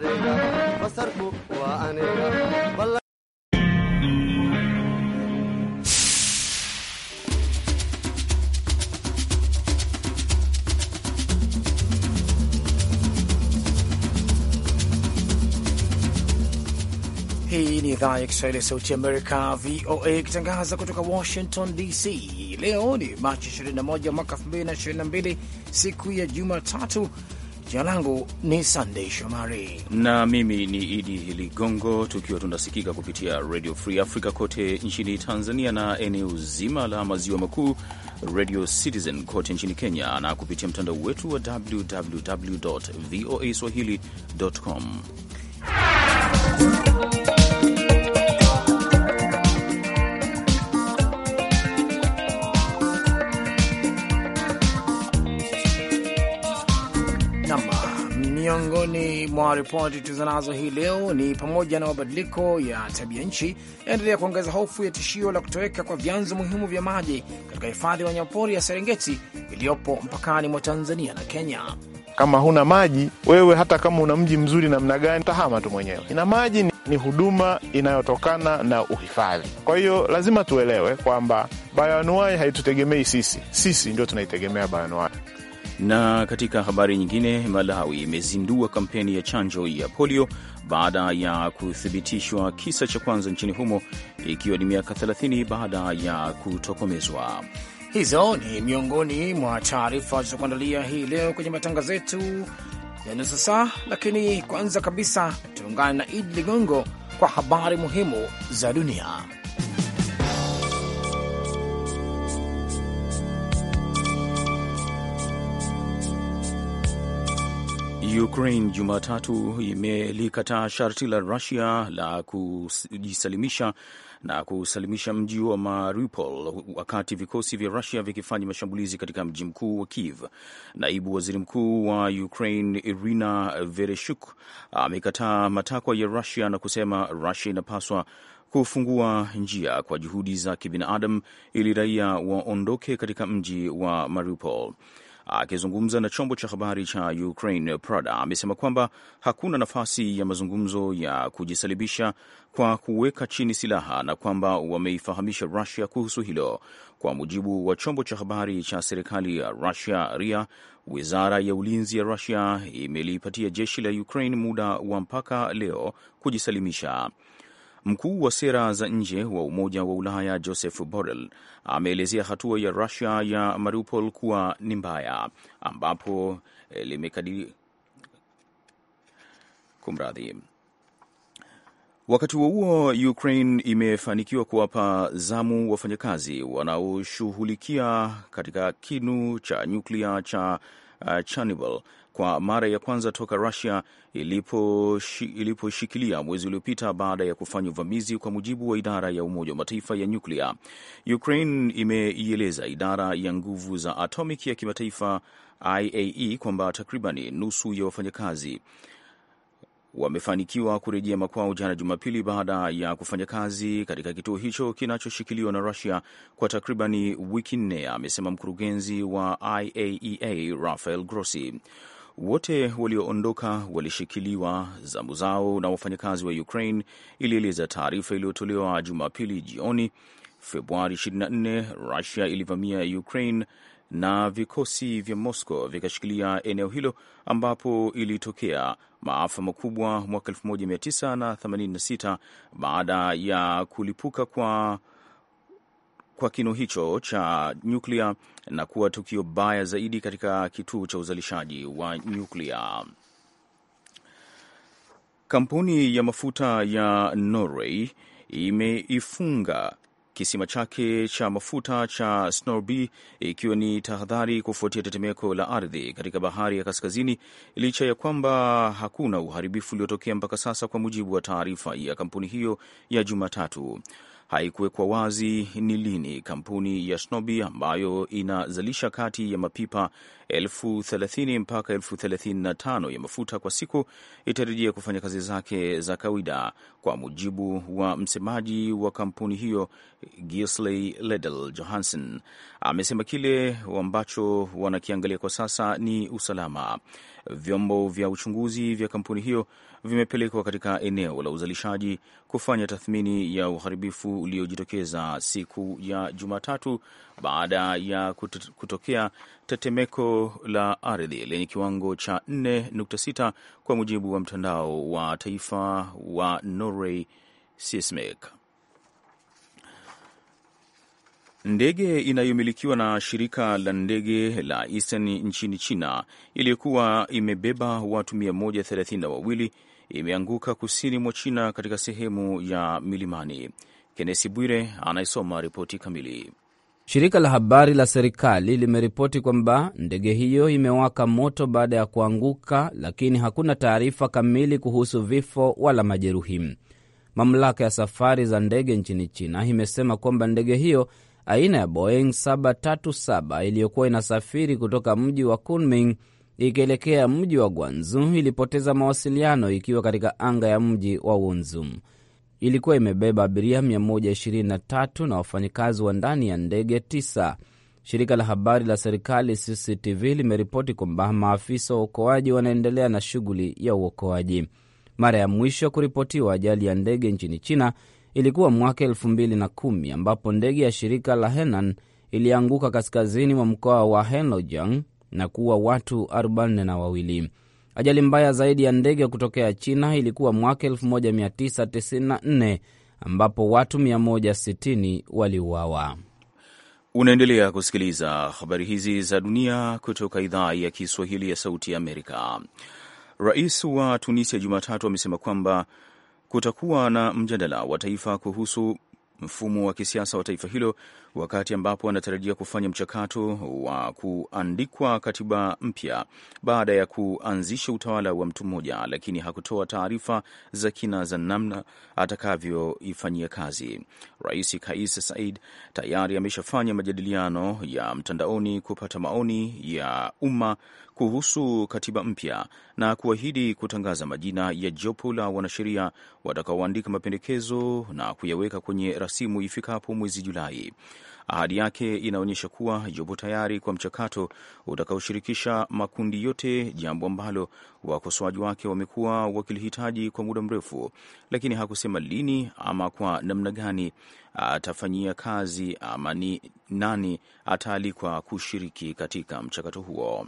He basarku waa aniga Hii ni idhaa ya Kiswahili ya Sauti Amerika, VOA, ikitangaza kutoka Washington DC. Leo ni Machi 21 mwaka 2022, siku ya Jumatatu Jina langu ni Sandey Shomari na mimi ni Idi Ligongo, tukiwa tunasikika kupitia Radio Free Africa kote nchini Tanzania na eneo zima la maziwa makuu, Radio Citizen kote nchini Kenya na kupitia mtandao wetu wa www voa swahili.com Miongoni mwa ripoti tulizonazo hii leo ni pamoja na mabadiliko ya tabia nchi yaendelea kuongeza hofu ya tishio la kutoweka kwa vyanzo muhimu vya maji katika hifadhi ya wanyamapori ya Serengeti iliyopo mpakani mwa Tanzania na Kenya. Kama huna maji wewe, hata kama una mji mzuri namna gani, tahama tu mwenyewe. Na maji ni huduma inayotokana na uhifadhi. Kwa hiyo lazima tuelewe kwamba bayoanuai haitutegemei sisi, sisi ndio tunaitegemea bayoanuai. Na katika habari nyingine, Malawi imezindua kampeni ya chanjo ya polio baada ya kuthibitishwa kisa cha kwanza nchini humo, ikiwa ni miaka 30 baada ya kutokomezwa. Hizo ni miongoni mwa taarifa zilizokuandalia hii leo kwenye matangazo yetu ya nusu saa, lakini kwanza kabisa tuungane na Idi Ligongo kwa habari muhimu za dunia. Ukraine Jumatatu imelikataa sharti la Rusia la kujisalimisha na kusalimisha mji wa Mariupol wakati vikosi vya Rusia vikifanya mashambulizi katika mji mkuu wa Kiev. Naibu waziri mkuu wa Ukraine Irina Vereshuk amekataa matakwa ya Rusia na kusema Rusia inapaswa kufungua njia kwa juhudi za kibinadamu ili raia waondoke katika mji wa Mariupol. Akizungumza na chombo cha habari cha Ukraine Prada amesema kwamba hakuna nafasi ya mazungumzo ya kujisalimisha kwa kuweka chini silaha na kwamba wameifahamisha Rusia kuhusu hilo. Kwa mujibu wa chombo cha habari cha serikali ya Rusia RIA, wizara ya ulinzi ya Rusia imelipatia jeshi la Ukraine muda wa mpaka leo kujisalimisha. Mkuu wa sera za nje wa Umoja wa Ulaya Joseph Borrell ameelezea hatua ya Rusia ya Mariupol kuwa ni mbaya, ambapo eh, limekadiri kumradhi Wakati huo huo, Ukraine imefanikiwa kuwapa zamu wafanyakazi wanaoshughulikia katika kinu cha nyuklia cha uh, Chernobyl kwa mara ya kwanza toka Rusia iliposhikilia ilipo mwezi uliopita baada ya kufanya uvamizi, kwa mujibu wa idara ya Umoja wa Mataifa ya nyuklia. Ukraine imeieleza idara ya nguvu za atomic ya kimataifa iae kwamba takribani nusu ya wafanyakazi wamefanikiwa kurejea makwao jana Jumapili baada ya kufanya kazi katika kituo hicho kinachoshikiliwa na Rusia kwa takribani wiki nne, amesema mkurugenzi wa IAEA e Rafael Grossi. Wote walioondoka walishikiliwa zamu zao na wafanyakazi wa Ukraine, ilieleza taarifa iliyotolewa Jumapili jioni. Februari 24 Rusia ilivamia Ukraine na vikosi vya Moscow vikashikilia eneo hilo ambapo ilitokea maafa makubwa mwaka 1986 baada ya kulipuka kwa kwa kinu hicho cha nyuklia na kuwa tukio baya zaidi katika kituo cha uzalishaji wa nyuklia. Kampuni ya mafuta ya Norway imeifunga kisima chake cha mafuta cha Snorre ikiwa ni tahadhari kufuatia tetemeko la ardhi katika bahari ya kaskazini, licha ya kwamba hakuna uharibifu uliotokea mpaka sasa, kwa mujibu wa taarifa ya kampuni hiyo ya Jumatatu haikuwekwa wazi ni lini kampuni ya Snobi ambayo inazalisha kati ya mapipa elfu thelathini mpaka elfu thelathini na tano ya mafuta kwa siku itarejia kufanya kazi zake za kawaida, kwa mujibu wa msemaji wa kampuni hiyo Gisley Ledel Johansen. Amesema kile ambacho wanakiangalia kwa sasa ni usalama. Vyombo vya uchunguzi vya kampuni hiyo vimepelekwa katika eneo la uzalishaji kufanya tathmini ya uharibifu uliojitokeza siku ya Jumatatu baada ya kutokea tetemeko la ardhi lenye kiwango cha 4.6 kwa mujibu wa mtandao wa taifa wa Norway Sismic. Ndege inayomilikiwa na shirika la ndege la Eastern nchini China iliyokuwa imebeba watu 132 imeanguka kusini mwa China katika sehemu ya milimani. Kenesi Bwire anayesoma ripoti kamili. Shirika la habari la serikali limeripoti kwamba ndege hiyo imewaka moto baada ya kuanguka, lakini hakuna taarifa kamili kuhusu vifo wala majeruhi. Mamlaka ya safari za ndege nchini China imesema kwamba ndege hiyo aina ya Boeing 737 iliyokuwa inasafiri kutoka mji wa Kunming ikielekea mji wa Guangzhou ilipoteza mawasiliano ikiwa katika anga ya mji wa Wenzhou ilikuwa imebeba abiria 123 na wafanyikazi wa ndani ya ndege 9. Shirika la habari la serikali CCTV limeripoti kwamba maafisa wa uokoaji wanaendelea na shughuli ya uokoaji. Mara ya mwisho kuripotiwa ajali ya ndege nchini China ilikuwa mwaka 2010 ambapo ndege ya shirika la Henan ilianguka kaskazini mwa mkoa wa Henlojang na kuua watu 42. Ajali mbaya zaidi ya ndege kutokea China ilikuwa mwaka 1994 ambapo watu 160 waliuawa. Unaendelea kusikiliza habari hizi za dunia kutoka idhaa ya Kiswahili ya Sauti ya Amerika. Rais wa Tunisia Jumatatu amesema kwamba kutakuwa na mjadala wa taifa kuhusu mfumo wa kisiasa wa taifa hilo wakati ambapo anatarajia kufanya mchakato wa kuandikwa katiba mpya baada ya kuanzisha utawala wa mtu mmoja, lakini hakutoa taarifa za kina za namna atakavyoifanyia kazi. Rais Kais Said tayari ameshafanya majadiliano ya mtandaoni kupata maoni ya umma kuhusu katiba mpya na kuahidi kutangaza majina ya jopo la wanasheria watakaoandika mapendekezo na kuyaweka kwenye rasimu ifikapo mwezi Julai. Ahadi yake inaonyesha kuwa yupo tayari kwa mchakato utakaoshirikisha makundi yote, jambo ambalo wakosoaji wake wamekuwa wakilihitaji kwa muda mrefu, lakini hakusema lini ama kwa namna gani atafanyia kazi ama ni nani ataalikwa kushiriki katika mchakato huo.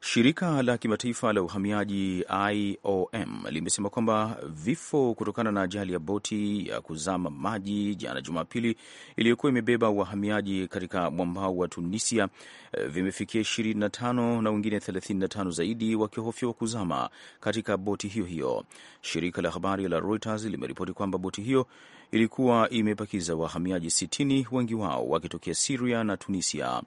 Shirika la kimataifa la uhamiaji IOM limesema kwamba vifo kutokana na ajali ya boti ya kuzama maji jana Jumapili iliyokuwa imebeba wahamiaji katika mwambao wa Tunisia eh, vimefikia 25 na wengine 35 zaidi wakihofiwa kuzama katika boti hiyo hiyo. Shirika la habari la Reuters limeripoti kwamba boti hiyo ilikuwa imepakiza wahamiaji 60, wengi wao wakitokea Siria na Tunisia.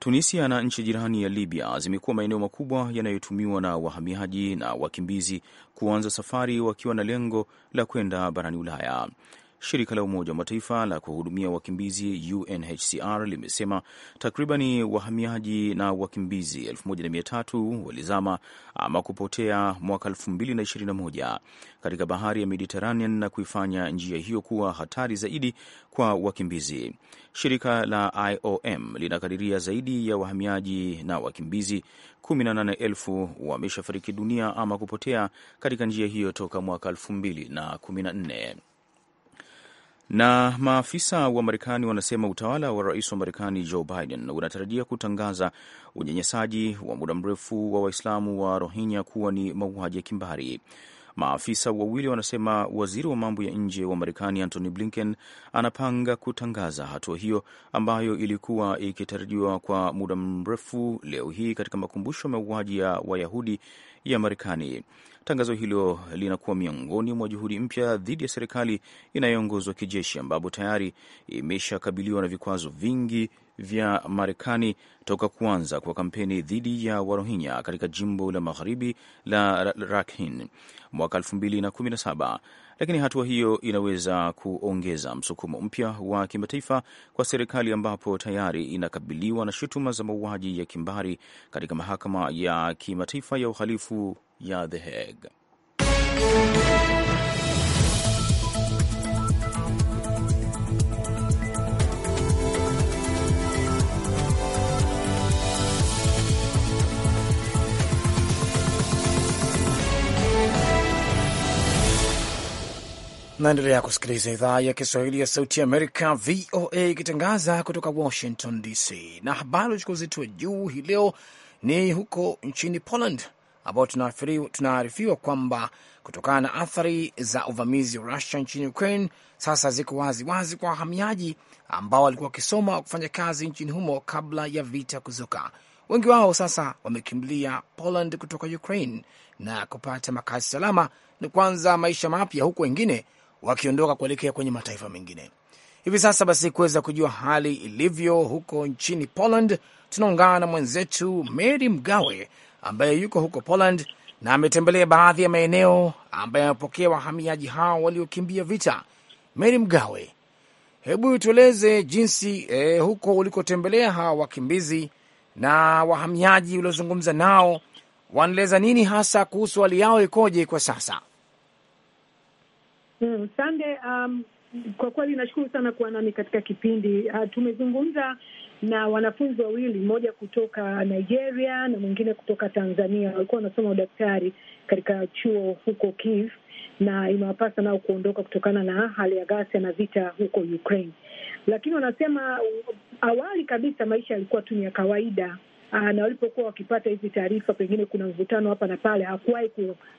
Tunisia na nchi jirani ya Libya zimekuwa maeneo makubwa yanayotumiwa na wahamiaji na wakimbizi kuanza safari wakiwa na lengo la kwenda barani Ulaya. Shirika la Umoja wa Mataifa la kuhudumia wakimbizi UNHCR limesema takribani wahamiaji na wakimbizi 1300 walizama ama kupotea mwaka 2021 katika bahari ya Mediterranean na kuifanya njia hiyo kuwa hatari zaidi kwa wakimbizi. Shirika la IOM linakadiria zaidi ya wahamiaji na wakimbizi 18,000 wameshafariki dunia ama kupotea katika njia hiyo toka mwaka 2014. Na maafisa wa Marekani wanasema utawala wa rais wa Marekani Joe Biden unatarajia kutangaza unyanyasaji wa muda mrefu wa Waislamu wa Rohingya kuwa ni mauaji ya kimbari. Maafisa wawili wanasema waziri wa mambo ya nje wa Marekani Antony Blinken anapanga kutangaza hatua hiyo ambayo ilikuwa ikitarajiwa kwa muda mrefu leo hii katika makumbusho ya mauaji ya Wayahudi ya Marekani. Tangazo hilo linakuwa miongoni mwa juhudi mpya dhidi ya serikali inayoongozwa kijeshi, ambapo tayari imeshakabiliwa na vikwazo vingi vya Marekani toka kuanza kwa kampeni dhidi ya Warohinya katika jimbo la magharibi la Rakhine mwaka 2017. Lakini hatua hiyo inaweza kuongeza msukumo mpya wa kimataifa kwa serikali, ambapo tayari inakabiliwa na shutuma za mauaji ya kimbari katika mahakama ya kimataifa ya uhalifu ya The Hague. Naendelea kusikiliza idhaa ya Kiswahili ya Sauti ya Amerika, VOA, ikitangaza kutoka Washington DC. Na habari uchukua uzito wa juu hii leo ni huko nchini Poland ambao tunaarifiwa kwamba kutokana na athari za uvamizi wa Rusia nchini Ukraine sasa ziko wazi wazi kwa wahamiaji ambao walikuwa wakisoma kufanya kazi nchini humo kabla ya vita kuzuka. Wengi wao sasa wamekimbilia Poland kutoka Ukraine na kupata makazi salama na kuanza maisha mapya, huku wengine wakiondoka kuelekea kwenye mataifa mengine. Hivi sasa basi, kuweza kujua hali ilivyo huko nchini Poland, tunaungana na mwenzetu Mary Mgawe ambaye yuko huko Poland na ametembelea baadhi ya maeneo ambayo yamepokea wahamiaji hao waliokimbia vita. Mary Mgawe, hebu tueleze jinsi eh, huko ulikotembelea hawa wakimbizi na wahamiaji uliozungumza nao wanaeleza nini hasa kuhusu hali yao ikoje kwa sasa? Mm, sande. Um, kwa kweli nashukuru sana kuwa nami katika kipindi uh, tumezungumza na wanafunzi wawili, mmoja kutoka Nigeria na mwingine kutoka Tanzania, walikuwa wanasoma udaktari katika chuo huko Kiev, na imewapasa nao kuondoka kutokana na hali ya ghasia na vita huko Ukraine. Lakini wanasema awali kabisa maisha yalikuwa tu ni ya kawaida. Aa, ah, na walipokuwa wakipata hizi taarifa, pengine kuna mvutano hapa na pale, hakuwahi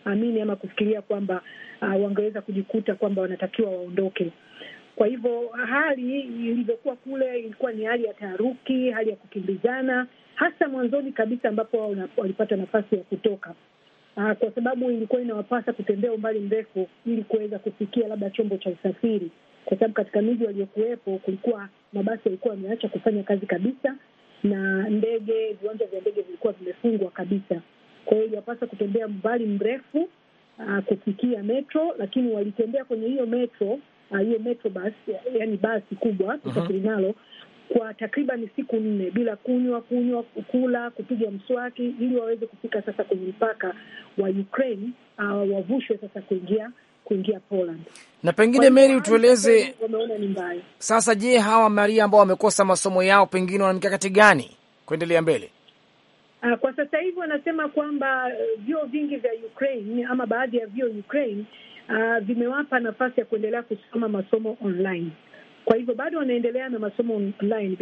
kuamini ama kufikiria kwamba uh, wangeweza kujikuta kwamba wanatakiwa waondoke. Kwa hivyo hali ilivyokuwa kule ilikuwa ni hali ya taharuki, hali ya kukimbizana, hasa mwanzoni kabisa ambapo walipata nafasi ya kutoka aa, ah, kwa sababu ilikuwa inawapasa kutembea umbali mrefu ili kuweza kufikia labda chombo cha usafiri, kwa sababu katika miji waliokuwepo kulikuwa mabasi yalikuwa yameacha kufanya kazi kabisa, na ndege, viwanja vya ndege vilikuwa vimefungwa kabisa. Kwa hiyo iliwapasa kutembea umbali mrefu aa, ah, kufikia metro, lakini walitembea kwenye hiyo metro Uh, hiyo uh, metrobus, yani basi kubwa kusafiri nalo kwa takriban siku nne bila kunywa kunywa, kula, kupiga mswaki, ili waweze kufika sasa kwenye mpaka wa Ukraine, uh, wavushwe sasa kuingia kuingia Poland. Na pengine Mary, utueleze sasa, je, hawa Maria ambao wamekosa masomo yao pengine wana mikakati gani kuendelea mbele? Uh, kwa sasa hivi wanasema kwamba uh, vyuo vingi vya Ukraine ama baadhi ya vyuo Ukraine uh, vimewapa nafasi ya kuendelea kusoma masomo online. Kwa hivyo bado wanaendelea na masomo online,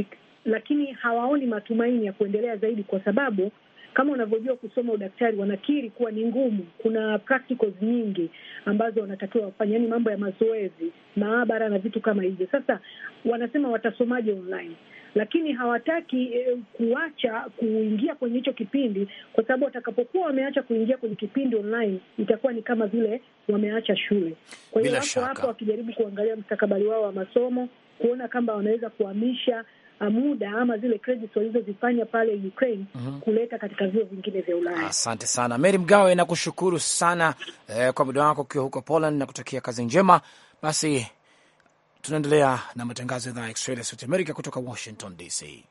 lakini hawaoni matumaini ya kuendelea zaidi, kwa sababu kama unavyojua kusoma udaktari wanakiri kuwa ni ngumu. Kuna practicals nyingi ambazo wanatakiwa wafanya, yaani mambo ya mazoezi, maabara na vitu kama hivyo. Sasa wanasema watasomaje online? lakini hawataki eh, kuacha kuingia kwenye hicho kipindi, kwa sababu watakapokuwa wameacha kuingia kwenye kipindi online itakuwa ni kama vile wameacha shule. Kwa hiyo wako hapo wakijaribu kuangalia mstakabali wao wa masomo, kuona kama wanaweza kuhamisha ah, muda ama zile credits walizozifanya pale Ukraine mm -hmm. kuleta katika vyuo vingine vya Ulaya. Asante sana Mary Mgawe, nakushukuru sana eh, kwa muda wako ukiwa huko Poland na kutakia kazi njema. Basi Tunaendelea na matangazo ya idhaa ya Kiswahili ya Sauti Amerika kutoka Washington DC.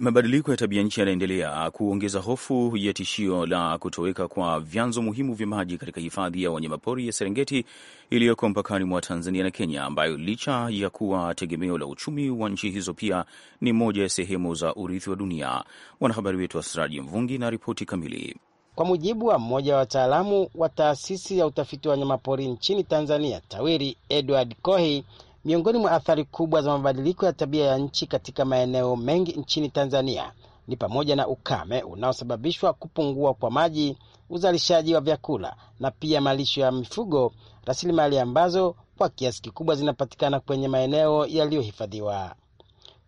Mabadiliko ya tabia nchi yanaendelea kuongeza hofu ya tishio la kutoweka kwa vyanzo muhimu vya maji katika hifadhi ya wanyamapori ya Serengeti iliyoko mpakani mwa Tanzania na Kenya, ambayo licha ya kuwa tegemeo la uchumi wa nchi hizo pia ni moja ya sehemu za urithi wa dunia. Mwanahabari wetu Asraji Mvungi na ripoti kamili. Kwa mujibu wa mmoja wa wataalamu wa taasisi ya utafiti wa wanyamapori nchini Tanzania, TAWIRI, Edward Kohi Miongoni mwa athari kubwa za mabadiliko ya tabia ya nchi katika maeneo mengi nchini Tanzania ni pamoja na ukame unaosababishwa kupungua kwa maji, uzalishaji wa vyakula na pia malisho ya mifugo, rasilimali ambazo kwa kiasi kikubwa zinapatikana kwenye maeneo yaliyohifadhiwa.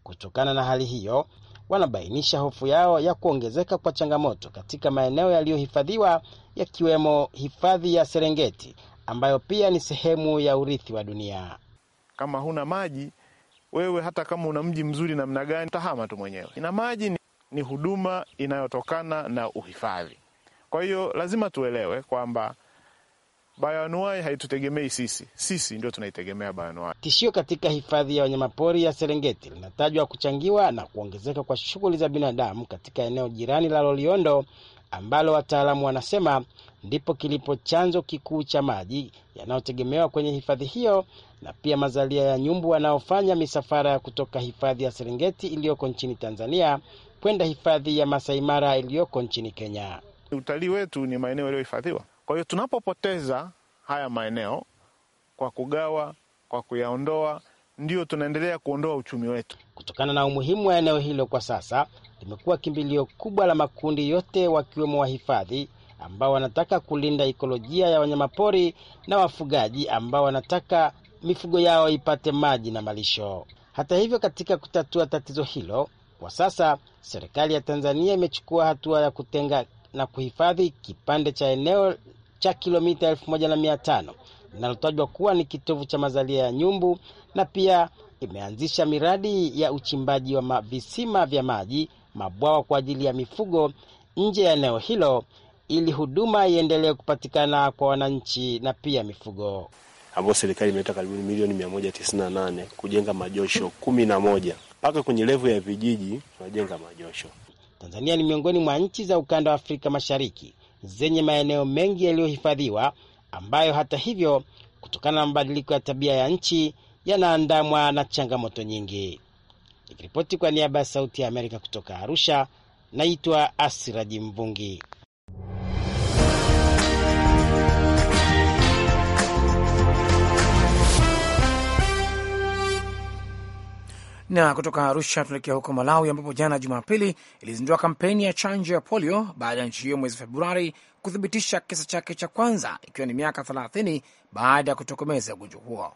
Kutokana na hali hiyo, wanabainisha hofu yao ya kuongezeka kwa changamoto katika maeneo yaliyohifadhiwa yakiwemo hifadhi ya Serengeti ambayo pia ni sehemu ya urithi wa dunia. Kama huna maji wewe, hata kama una mji mzuri namna gani, tahama tu mwenyewe. Na maji ni, ni huduma inayotokana na uhifadhi. Kwa hiyo lazima tuelewe kwamba bayoanuai haitutegemei sisi, sisi ndio tunaitegemea bayoanuai. Tishio katika hifadhi ya wanyamapori ya Serengeti linatajwa kuchangiwa na kuongezeka kwa shughuli za binadamu katika eneo jirani la Loliondo ambalo wataalamu wanasema ndipo kilipo chanzo kikuu cha maji yanayotegemewa kwenye hifadhi hiyo na pia mazalia ya nyumbu wanaofanya misafara ya kutoka hifadhi ya Serengeti iliyoko nchini Tanzania kwenda hifadhi ya Masai Mara iliyoko nchini Kenya. Utalii wetu ni maeneo yaliyohifadhiwa. Kwa hiyo tunapopoteza haya maeneo kwa kugawa, kwa kuyaondoa ndio tunaendelea kuondoa uchumi wetu. Kutokana na umuhimu wa eneo hilo kwa sasa, limekuwa kimbilio kubwa la makundi yote, wakiwemo wahifadhi ambao wanataka kulinda ikolojia ya wanyamapori na wafugaji ambao wanataka mifugo yao ipate maji na malisho. Hata hivyo, katika kutatua tatizo hilo kwa sasa, serikali ya Tanzania imechukua hatua ya kutenga na kuhifadhi kipande cha eneo cha kilomita elfu moja na mia tano linalotajwa kuwa ni kitovu cha mazalia ya nyumbu, na pia imeanzisha miradi ya uchimbaji wa visima vya maji, mabwawa kwa ajili ya mifugo nje ya eneo hilo ili huduma iendelee kupatikana kwa wananchi na pia mifugo. ambayo serikali imeleta karibuni milioni 198 kujenga majosho 11 mpaka kwenye levu ya vijiji tunajenga majosho. Tanzania ni miongoni mwa nchi za ukanda wa Afrika Mashariki zenye maeneo mengi yaliyohifadhiwa ambayo hata hivyo, kutokana na mabadiliko ya tabia ya nchi, yanaandamwa na changamoto nyingi. Nikiripoti kwa niaba ya Sauti ya Amerika kutoka Arusha, naitwa Asiraji Mvungi. Na kutoka Arusha tunaelekea huko Malawi, ambapo jana Jumapili ilizindua kampeni ya chanjo ya polio baada ya nchi hiyo mwezi Februari kuthibitisha kisa chake cha kwanza ikiwa ni miaka 30 baada ya kutokomeza ugonjwa huo.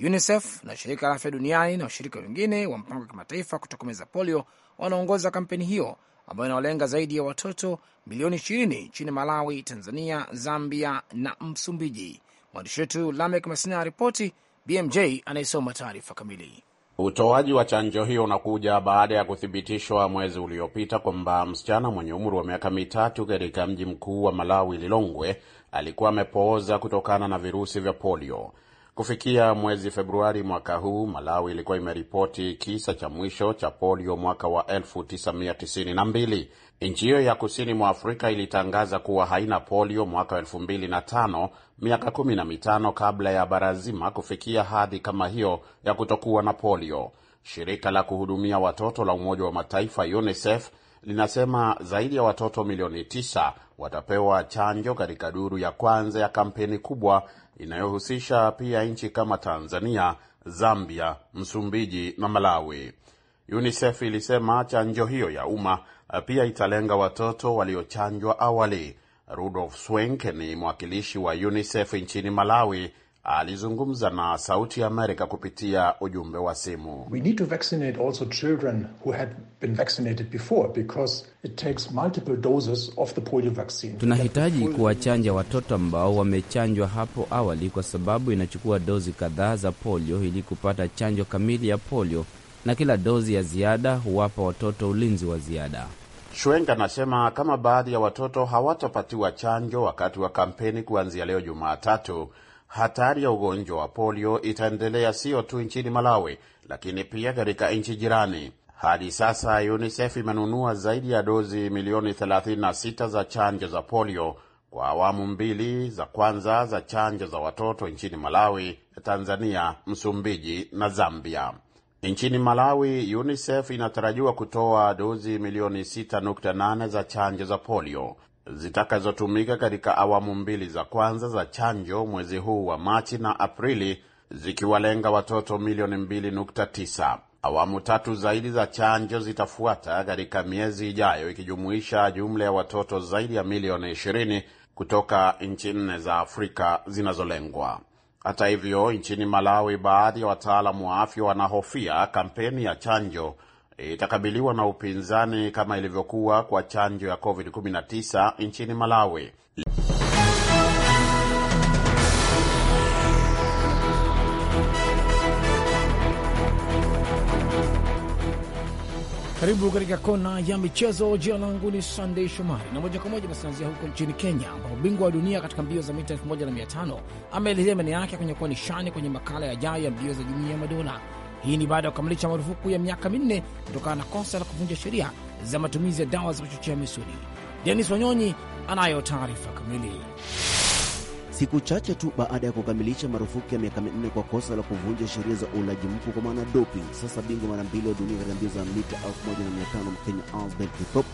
UNICEF na shirika la afya duniani na washirika wengine wa mpango wa kimataifa kutokomeza polio wanaongoza kampeni hiyo ambayo inawalenga zaidi ya watoto milioni 20 nchini Malawi, Tanzania, Zambia na Msumbiji. Mwandishi wetu Lamek Masina aripoti. BMJ anayesoma taarifa kamili. Utoaji wa chanjo hiyo unakuja baada ya kuthibitishwa mwezi uliopita kwamba msichana mwenye umri wa miaka mitatu katika mji mkuu wa Malawi, Lilongwe, alikuwa amepooza kutokana na virusi vya polio. Kufikia mwezi Februari mwaka huu, Malawi ilikuwa imeripoti kisa cha mwisho cha polio mwaka wa 1992. Nchi hiyo ya kusini mwa Afrika ilitangaza kuwa haina polio mwaka 2005, miaka 15 kabla ya bara zima kufikia hadhi kama hiyo ya kutokuwa na polio. Shirika la kuhudumia watoto la Umoja wa Mataifa UNICEF linasema zaidi ya watoto milioni 9 watapewa chanjo katika duru ya kwanza ya kampeni kubwa inayohusisha pia nchi kama Tanzania, Zambia, Msumbiji na Malawi. UNICEF ilisema chanjo hiyo ya umma eh, pia italenga watoto waliochanjwa awali. Rudolf Swenk ni mwakilishi wa UNICEF nchini Malawi. Alizungumza na Sauti ya Amerika kupitia ujumbe wa simu. Tunahitaji kuwachanja watoto ambao wamechanjwa hapo awali, kwa sababu inachukua dozi kadhaa za polio ili kupata chanjo kamili ya polio na kila dozi ya ziada huwapa watoto ulinzi wa ziada. Shwenga anasema kama baadhi ya watoto hawatapatiwa chanjo wakati wa kampeni kuanzia leo Jumatatu, hatari ya ugonjwa wa polio itaendelea sio tu nchini Malawi, lakini pia katika nchi jirani. Hadi sasa UNICEF imenunua zaidi ya dozi milioni 36 za chanjo za polio kwa awamu mbili za kwanza za chanjo za watoto nchini Malawi, Tanzania, Msumbiji na Zambia. Nchini Malawi, UNICEF inatarajiwa kutoa dozi milioni 6.8 za chanjo za polio zitakazotumika katika awamu mbili za kwanza za chanjo mwezi huu wa Machi na Aprili, zikiwalenga watoto milioni 2.9. Awamu tatu zaidi za chanjo zitafuata katika miezi ijayo, ikijumuisha jumla ya watoto zaidi ya milioni 20 kutoka nchi nne za Afrika zinazolengwa. Hata hivyo, nchini Malawi, baadhi ya wataalamu wa afya wanahofia kampeni ya chanjo itakabiliwa na upinzani kama ilivyokuwa kwa chanjo ya COVID-19 nchini Malawi. Karibu katika kona ya michezo. Jina langu ni Sandey Shomari na moja kwa moja basi naanzia huko nchini Kenya, ambapo bingwa wa dunia katika mbio za mita 1500 ameelezea maeneo yake kwenye kuwa nishani kwenye makala yajayo ya mbio za jumuiya ya madola. Hii ni baada ya kukamilisha marufuku ya miaka minne kutokana na kosa la kuvunja sheria za matumizi ya dawa za kuchochea misuli. Denis Wanyonyi anayo taarifa kamili. Siku chache tu baada ya kukamilisha marufuku ya miaka minne kwa kosa la kuvunja sheria za ulaji mku kwa maana doping, sasa bingwa mara mbili wa dunia katika mbio za mita 1500 Mkenya Albert Cheptop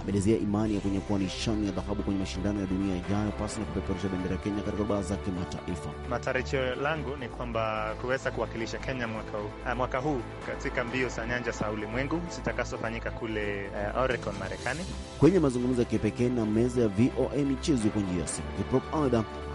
ameelezea imani ya kuwa nishani ya dhahabu kwenye mashindano ya dunia ijayo pasi na kupeperusha bendera ya Kenya katika baa za kimataifa. Matarajio langu ni kwamba kuweza kuwakilisha Kenya mwaka huu, eh, mwaka huu katika mbio za nyanja za ulimwengu zitakazofanyika kule uh, Oregon, Marekani. Kwenye mazungumzo ya kipekee na meza ya VOA michezo kwa njia ya simu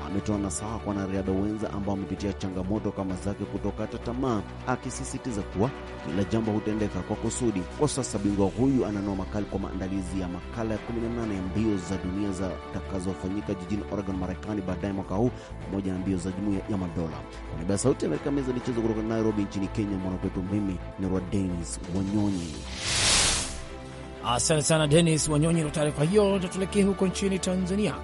ametoa nasaha kwa wanariadha wenza ambao wamepitia changamoto kama zake kutokata tamaa, akisisitiza kuwa kila jambo hutendeka kwa kusudi. Kwa sasa bingwa huyu ananoa makali kwa maandalizi ya makala ya 18 ya mbio za dunia takazofanyika jijini Oregon, Marekani baadaye mwaka huu, pamoja na mbio za jumuiya ya madola. Kwa niaba ya Sauti ya Amerika, meza michezo kutoka Nairobi nchini Kenya, mwanakwetu mimi ni Rwa Denis Wanyonyi. Asante sana Denis Wanyonyi na taarifa hiyo. Tatulekee huko nchini Tanzania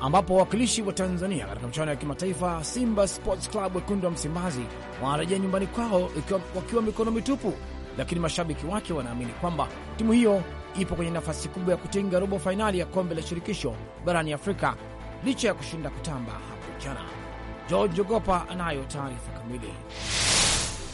ambapo wawakilishi wa Tanzania katika mchuano wa kimataifa Simba Sports Club wekundu wa Msimbazi wanarejea nyumbani kwao wakiwa mikono mitupu, lakini mashabiki wake wanaamini kwamba timu hiyo ipo kwenye nafasi kubwa ya kutinga robo fainali ya kombe la shirikisho barani Afrika licha ya kushinda kutamba hapo jana. George Jogopa anayo taarifa kamili.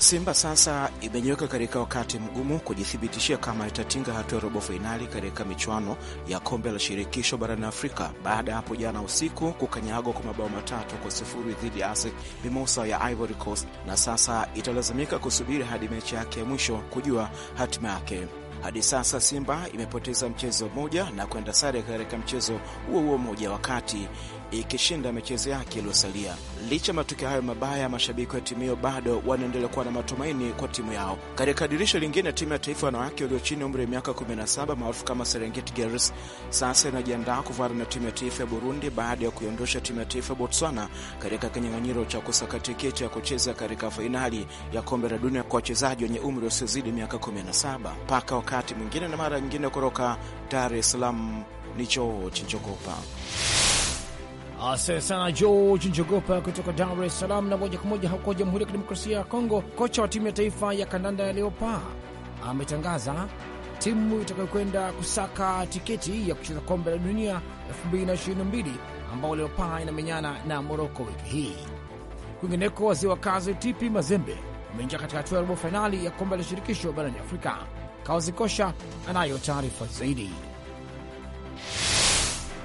Simba sasa imenyeweka katika wakati mgumu kujithibitishia kama itatinga hatua ya robo fainali katika michuano ya kombe la shirikisho barani Afrika baada ya hapo jana usiku kukanyagwa kwa mabao matatu kwa sifuri dhidi ya ASEC Mimosa ya Ivory Coast, na sasa italazimika kusubiri hadi mechi yake ya mwisho kujua hatima yake. Hadi sasa Simba imepoteza mchezo mmoja na kwenda sare katika mchezo huo huo mmoja, wakati ikishinda michezo yake iliyosalia. Licha ya matukio hayo mabaya, mashabiki wa timu hiyo bado wanaendelea kuwa na matumaini kwa timu yao. Katika dirisha lingine, timu ya taifa wanawake walio chini umri wa miaka 17 maarufu kama Serengeti Girls sasa inajiandaa kuvana na timu ya taifa ya Burundi baada ya kuiondosha timu ya taifa ya Botswana katika kinyang'anyiro cha kusaka tiketi ya kucheza katika fainali ya kombe la dunia kwa wachezaji wenye umri usiozidi miaka 17. Mpaka wakati mwingine na mara nyingine, kutoka Dar es Salaam ni choo Njogopa. Asante sana George Njogopa kutoka Dar es Salaam. Na moja kwa moja huko Jamhuri ya Kidemokrasia ya Kongo, kocha wa timu ya taifa ya kandanda ya Leopa ametangaza timu itakayokwenda kusaka tiketi ya kucheza kombe la dunia 2022 ambao Leopa inamenyana na Moroko wiki hii. Kwingineko, wazee wa kazi TP Mazembe ameingia katika hatua ya robo fainali ya kombe la shirikisho barani Afrika. Kaozi Kosha anayo taarifa zaidi.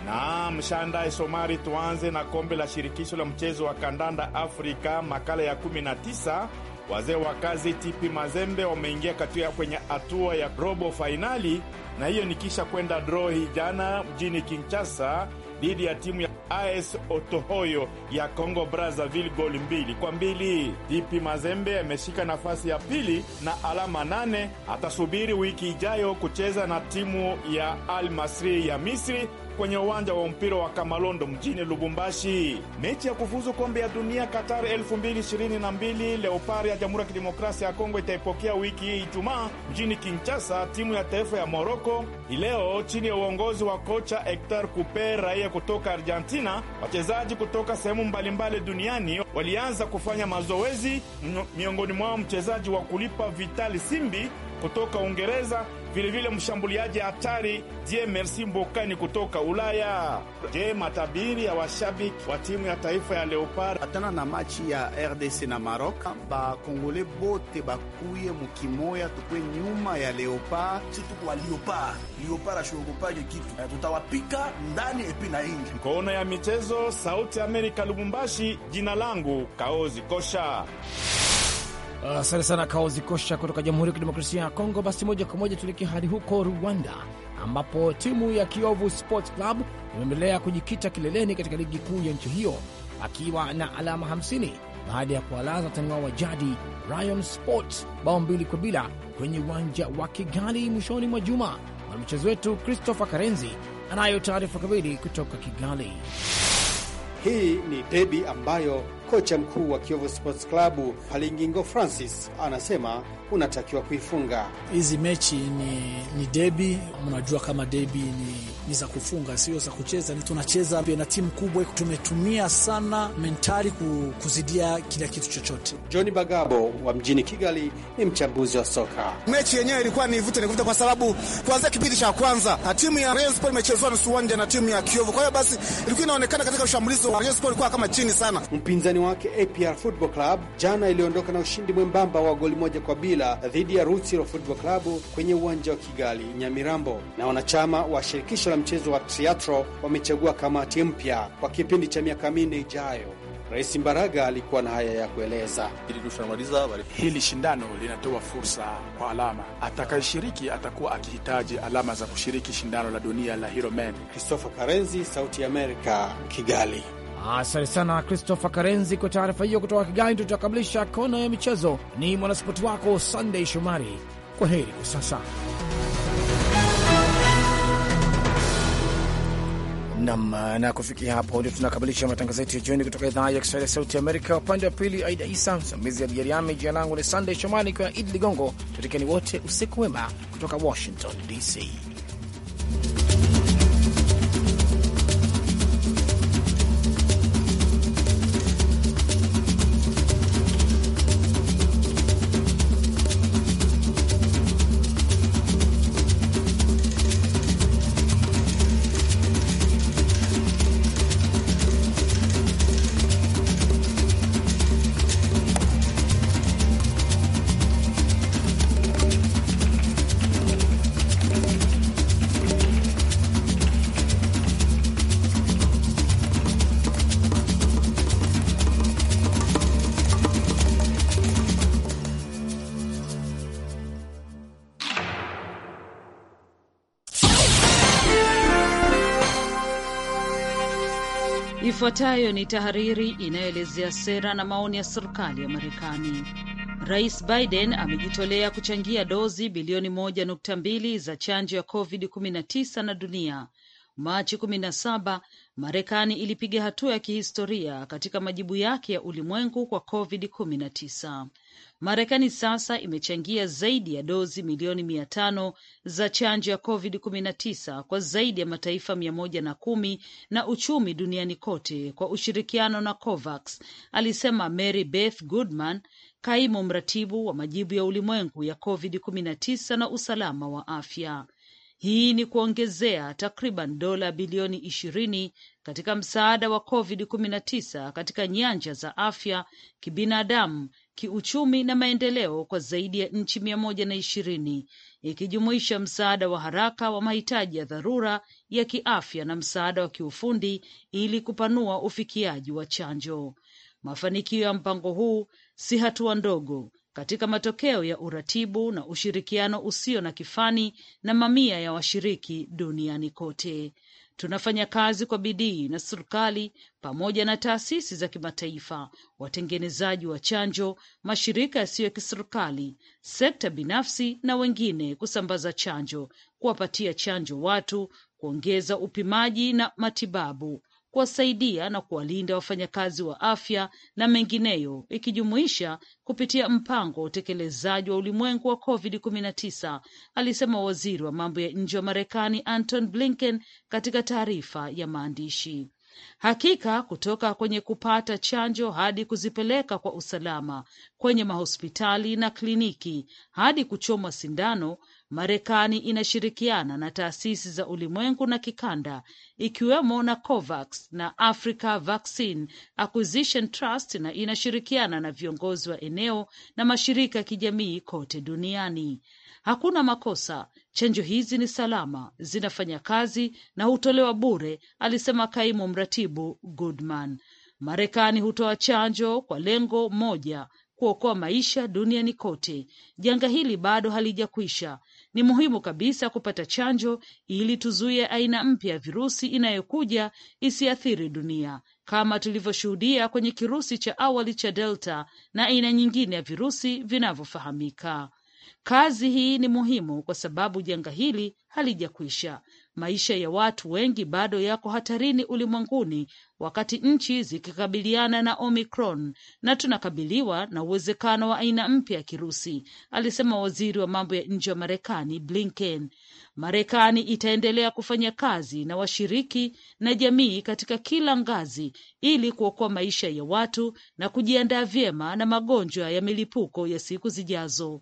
Naam, Shandai somari tuanze na kombe la shirikisho la mchezo wa kandanda Afrika, makala ya 19. Wazee wa kazi TP Mazembe wameingia katika kwenye hatua ya robo fainali, na hiyo ni kisha kwenda draw hii jana mjini Kinshasa dhidi ya timu ya AS Otohoyo ya Congo Brazzaville, goli mbili kwa mbili. TP Mazembe ameshika nafasi ya pili na alama nane. Atasubiri wiki ijayo kucheza na timu ya Al Masri ya Misri kwenye uwanja wa mpira wa Kamalondo mjini Lubumbashi. Mechi ya kufuzu kombe ya dunia Qatar 2022 Leopard ya Jamhuri ya Kidemokrasia ya Kongo itaipokea wiki hii Ijumaa mjini Kinshasa timu ya taifa ya Moroko ileo chini ya uongozi wa kocha Hector Cupe, raia kutoka Argentina. Wachezaji kutoka sehemu mbalimbali duniani walianza kufanya mazoezi, miongoni mwao mchezaji wa kulipa Vitali Simbi kutoka Uingereza vilevile mshambuliaji hatari Je Merci Mbokani kutoka Ulaya. Je, matabiri ya washabiki wa timu ya taifa ya Leopard atana na machi ya RDC na Maroc, bakongole bote bakuye mukimoya, tukwe nyuma ya Leopard. wa Leopard, Leopard ashiogopaje kitu, eh, tutawapika ndani epi na inji. Kona ya michezo, Sauti Amerika, Lubumbashi. Jina langu Kaozi Kosha. Uh, asante uh, sana Kaozi Kosha kutoka Jamhuri ya Kidemokrasia ya Kongo. Basi moja kwa moja tuelekea hadi huko Rwanda, ambapo timu ya Kiovu Sports Club imeendelea kujikita kileleni katika ligi kuu ya nchi hiyo akiwa na alama 50 baada ya kuwalaza watani wao wa jadi Rayon Sport bao mbili kwa bila kwenye uwanja wa Kigali mwishoni mwa juma. Mwanamchezo wetu Christopher Karenzi anayo taarifa kamili kutoka Kigali. Hii ni debi ambayo kocha mkuu wa Kiovu Sports Club Palingingo Francis anasema unatakiwa kuifunga hizi mechi. Ni, ni debi, mnajua kama debi ni ni za kufunga, sio za kucheza. Ni tunacheza na timu kubwa, tumetumia sana mentali kuzidia kila kitu chochote. John Bagabo wa mjini Kigali ni mchambuzi wa soka. Mechi yenyewe ilikuwa ni vute nikuvuta, kwa sababu kuanzia kipindi cha kwanza timu ya Rayon Sports imechezewa nusu uwanja na timu ya Kiovu, kwa hiyo basi ilikuwa inaonekana katika ushambulizi wa Rayon Sports ilikuwa kama chini sana mpinzani nyumbani wake APR Football Club jana iliondoka na ushindi mwembamba wa goli moja kwa bila dhidi ya Rutsiro Football Club kwenye uwanja wa Kigali Nyamirambo, na wanachama wa shirikisho la mchezo wa triatro wamechagua kamati mpya kwa kipindi cha miaka minne ijayo. Rais Mbaraga alikuwa na haya ya kueleza. Hili shindano linatoa fursa kwa alama, atakayeshiriki atakuwa akihitaji alama za kushiriki shindano la dunia la Ironman. Christopher Karenzi, Sauti ya Amerika, Kigali. Asante sana Christopher Karenzi kwa taarifa hiyo kutoka Kigali. tutakamilisha kona ya michezo. Ni mwanaspoti wako Sunday Shomari, kwa heri kwa sasa. Nam na kufikia hapo ndio tunakamilisha matangazo yetu ya jioni kutoka idhaa ya Kiswahili ya Sauti Amerika. Upande wa pili, Aida Isa msimamizi ya Dijariami. Jina langu ni Sandey Shomani kwa Idi Ligongo. Tutikeni wote usiku wema kutoka Washington DC. Ifuatayo ni tahariri inayoelezea sera na maoni ya serikali ya Marekani. Rais Biden amejitolea kuchangia dozi bilioni moja nukta mbili za chanjo ya COVID-19 na dunia. Machi kumi na saba, Marekani ilipiga hatua ya kihistoria katika majibu yake ya ulimwengu kwa COVID-19. Marekani sasa imechangia zaidi ya dozi milioni mia tano za chanjo ya COVID-19 kwa zaidi ya mataifa mia moja na kumi na uchumi duniani kote kwa ushirikiano na COVAX, alisema Mary Beth Goodman, kaimu mratibu wa majibu ya ulimwengu ya COVID-19 na usalama wa afya. Hii ni kuongezea takriban dola bilioni ishirini katika msaada wa COVID-19 katika nyanja za afya, kibinadamu kiuchumi na maendeleo kwa zaidi ya nchi mia moja na ishirini ikijumuisha msaada wa haraka wa mahitaji ya dharura ya kiafya na msaada wa kiufundi ili kupanua ufikiaji wa chanjo. Mafanikio ya mpango huu si hatua ndogo katika matokeo ya uratibu na ushirikiano usio na kifani na mamia ya washiriki duniani kote. Tunafanya kazi kwa bidii na serikali pamoja na taasisi za kimataifa, watengenezaji wa chanjo, mashirika yasiyo ya kiserikali, sekta binafsi na wengine, kusambaza chanjo, kuwapatia chanjo watu, kuongeza upimaji na matibabu, kuwasaidia na kuwalinda wafanyakazi wa afya na mengineyo, ikijumuisha kupitia mpango wa utekelezaji wa ulimwengu wa COVID-19, alisema waziri wa mambo ya nje wa Marekani Anton Blinken katika taarifa ya maandishi. Hakika kutoka kwenye kupata chanjo hadi kuzipeleka kwa usalama kwenye mahospitali na kliniki hadi kuchomwa sindano Marekani inashirikiana na taasisi za ulimwengu na kikanda ikiwemo na COVAX na Africa Vaccine Acquisition Trust na inashirikiana na viongozi wa eneo na mashirika ya kijamii kote duniani. Hakuna makosa, chanjo hizi ni salama, zinafanya kazi na hutolewa bure, alisema kaimu mratibu Goodman. Marekani hutoa chanjo kwa lengo moja, kuokoa maisha duniani kote. Janga hili bado halijakwisha, ni muhimu kabisa kupata chanjo ili tuzuie aina mpya ya virusi inayokuja isiathiri dunia kama tulivyoshuhudia kwenye kirusi cha awali cha Delta na aina nyingine ya virusi vinavyofahamika. Kazi hii ni muhimu kwa sababu janga hili halijakwisha maisha ya watu wengi bado yako hatarini ulimwenguni wakati nchi zikikabiliana na Omicron na tunakabiliwa na uwezekano wa aina mpya ya kirusi, alisema waziri wa mambo ya nje wa Marekani Blinken. Marekani itaendelea kufanya kazi na washiriki na jamii katika kila ngazi ili kuokoa maisha ya watu na kujiandaa vyema na magonjwa ya milipuko ya siku zijazo.